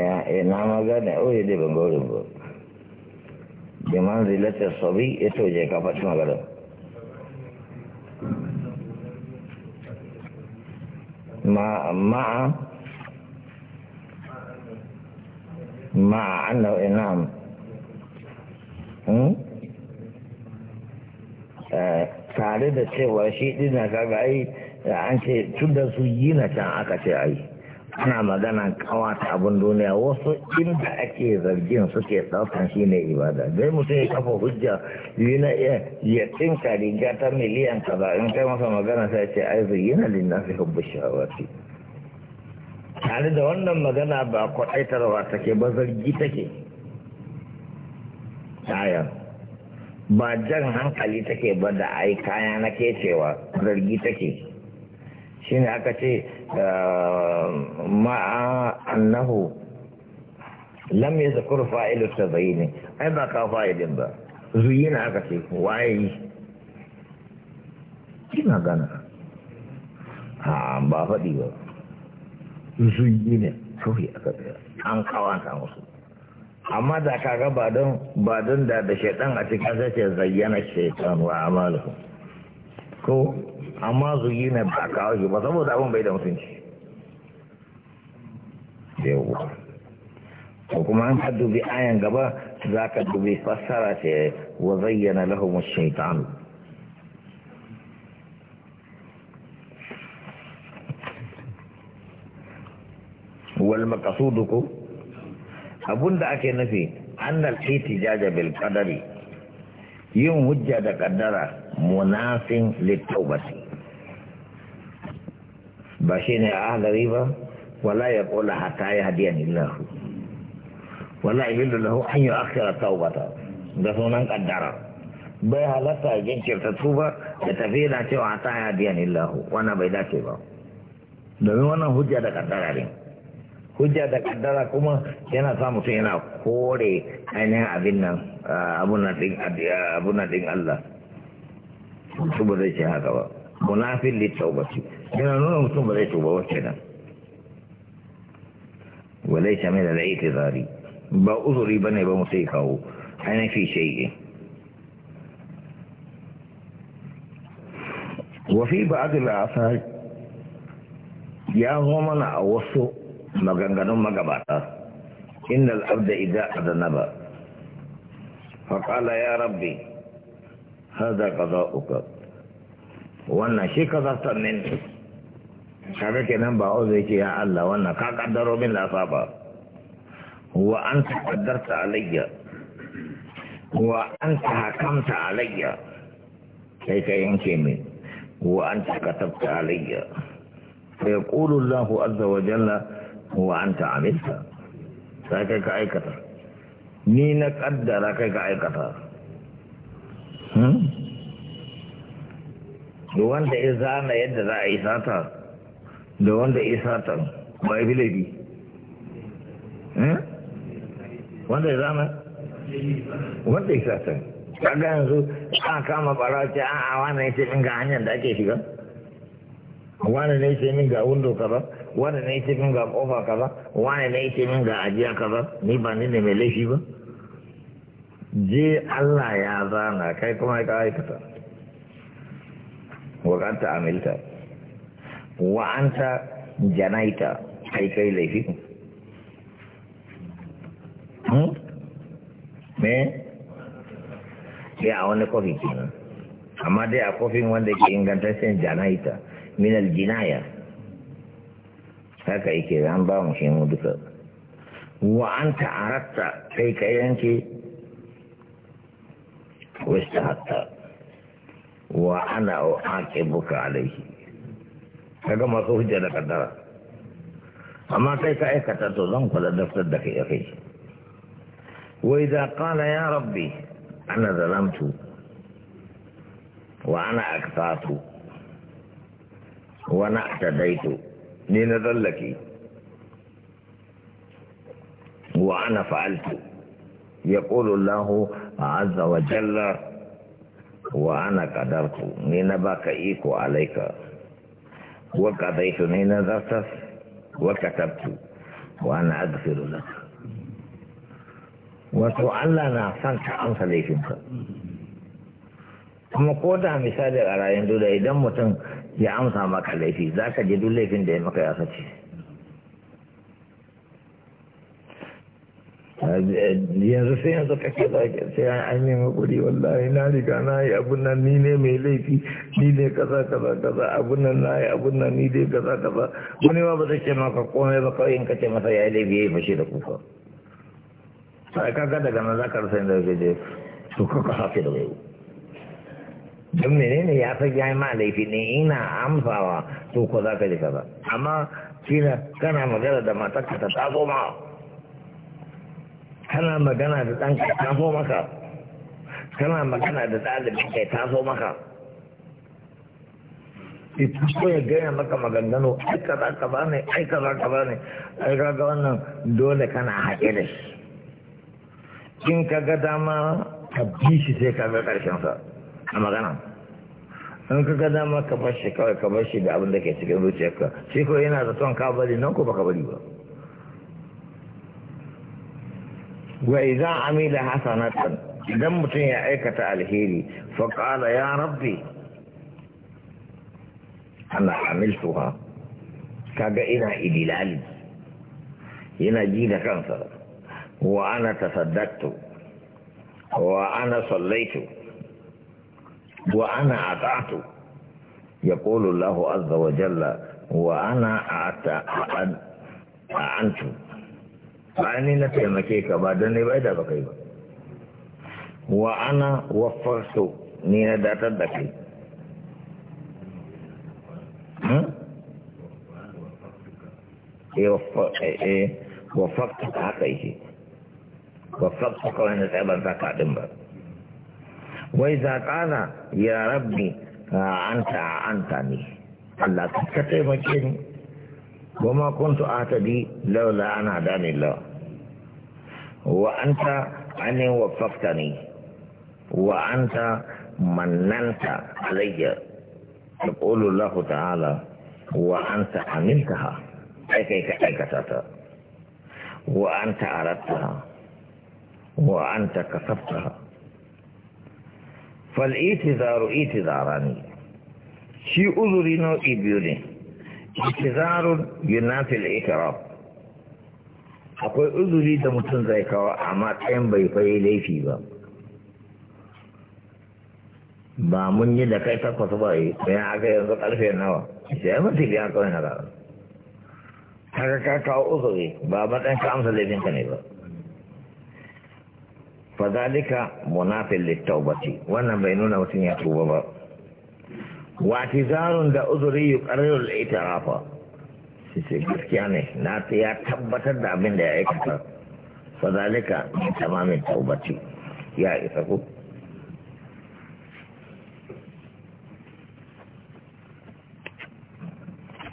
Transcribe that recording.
ya eh na ma gane oye dai ban gaurin ba bi manzilatar sabi ya toje ka faɗi magana ma ma'a ma'a annahu inam e, hmm? e, tare da cewa shi ɗina kaga ai an ce tun da su yi na can aka ce ai ana magana kawata abin duniya wasu inda ake zargin suke ɗaukan shi ne ibada dai mutum ya kafa hujja na iya ya tsinka riga ta miliyan kaza in kai masa magana sai ce ai zayyana linnasi hubbu shawati tare da wannan magana ba kwaɗaitarwa take ba zargi take tayar ba jan hankali take ba da ai kaya na kecewa zargi take ne aka ce ehm, ma'a annahu lam yadhkur fa'ilu tabayyin ai ba ka fa'ilin ba na aka ce waye na gana ha ba faɗi ba ne kawai aka ce an kawanta musu amma da kaga ba don ba don da da shaitan a cikin ce zayyana shaitan wa amalu ko amma su yi na ba kawo shi ba saboda abin bai da mutunci yawa ko kuma an ka dubi ayan gaba za ka dubi fassara ce wa zayyana lahum shaitan wal maqsuduku abunda ake nufi annal ihtijaja bil qadari yin hujja da qaddara munafin litawbati ba shi ne a ahalari ba wala ya hata ya hadiyan illahu wala ibilu lahu an yi akira taubata da sunan kaddara bai halatta jinkirta tuba da tafi na cewa hata ya hadiyan illahu wannan bai dace ba domin wannan hujja da kaddara ne hujja da kaddara kuma yana sa mutum yana kore ainihin abin nan abunan din Allah su ba zai ce haka ba munafin littaubati يرونه ثم العيش وبوشنا وليس من العيش ذاري بأذري بني بمسيحه أنا في شيء وفي بعض الآثار يا غمنا قنقنوا ما قبعتا إن العبد إذا أذنب فقال يا ربي هذا قضاؤك وانا شي قضاتا منك kaga kenan ba o zai ce ya Allah wannan ka kaddaro min lafa ba wa an ta kaddarta alayya wa an ta hakamta alayya sai ka yanke min wa an ta katabta alayya fa yaqulu Allahu azza wa jalla wa anta amilta sai kai ka aikata ni na kaddara kai ka aikata hmm wanda ya zana yadda za a yi sata da wanda ya sata ba ya fi laifi eh? wanda ya zama wanda sata? ta kaga yanzu a kama barace a a wani ya ce min ga hanyar da ake shiga wani ne ya ce min ga window kaza wani ne ya ce min ga kofa kaza wani ne ya ce min ga ajiya kaza ni ba ni ne mai laifi ba je Allah ya zana kai kuma ya ka aikata wakanta amilta wa anta janaita kai kai laifin hmm? me ke a wani kofi kenan amma dai a kofin wanda ke ingantaccen janaita minal aljinaya haka yake an ba mu shemu duka wa anta aratta kai ka yanke wasta hatta wa ana o ake buka alaihi kaga masu hujja da kaddara amma kai ka aikata to zan kula daftar da kai kai wai da qala ya rabbi ana zalamtu wa ana aksatu wa na tadaitu ni na zallake wa ana fa'altu يقول الله عز وجل وأنا قدرت نينبك إيكو عليك وقضيت نظرت وكتبت وأنا أغفر لك وتعلى نعصنك عن صليفك kuma ko da misali a rayun dole idan mutum ya amsa maka laifi za ka ji duk laifin da ya maka ya sace yanzu sai yanzu kake zage sai an yi makuri wallahi na riga na yi abun nan ni ne mai laifi ni ne kaza kaza kaza abun nan na yi abun nan ni dai kaza kaza wani ba ba zai ce maka komai ba kawai in kace masa ya yi laifi ya yi fashe da kuka sai kaga daga nan zaka rasa inda kake je to kaka hafi da wayo don menene ya fi ya yi ma laifi ne ina amsawa to ko za ka ji kaza amma shi kana magana da matarka ta taso ma kana magana da ɗanka ya taso maka kana magana da ɗalibin kai taso maka ita so ya gaya maka maganganu ai kaza kaza ne ai kaza kaza ne ai kaga wannan dole kana haɗe da shi in ka ga dama ka bi shi sai ka ga sa a magana in ka ga dama ka bar shi kawai ka bar shi da abin da ke cikin zuciyarka shi ko yana zaton ka bari nan ko baka bari ba وإذا عمل حسنة إذا متنيا أيكت الهيري فقال يا ربي أنا عملتها كاقا إنا إدلال إنا جيدا كانت وأنا تصدقت وأنا صليت وأنا أطعت يقول الله عز وجل وأنا أعت أعنت ni na taimake ka ba don ne bai da ba kai ba wa ana wafarsu ni na datar da kai hmm? eh, wafakta eh, eh, ka haka yake wafakta kawai na tsaye ban ka din ba wai za zaƙana ya rabbi anta anta ne Allah ka taimake ni goma kuntu a ta di laula ana dani lawa وأنت أن وفقتني وأنت مننت علي يقول الله تعالى وأنت عملتها أي كيك وأنت أردتها وأنت كسبتها فالاعتذار اعتذاران شيء أذرين إبيوني اعتذار ينافي الإكرام akwai uzuri da mutum zai kawo amma matsayin bai fayi laifi ba ba mun yi da kai takwas ba yi bayan aka yanzu karfe nawa sai ya mutu biya kawai na rana kaga ka kawo uzuri ba matsayin ka amsa laifinka ne ba fadalika munafin littaubati wannan bai nuna mutum ya tuba ba wa tizarun da uzuri yuqarriru al-i'tirafa shi ce gaskiya ne na ta ya tabbatar da abin da ya aikata fazalika min tamamin taubati ya isa ku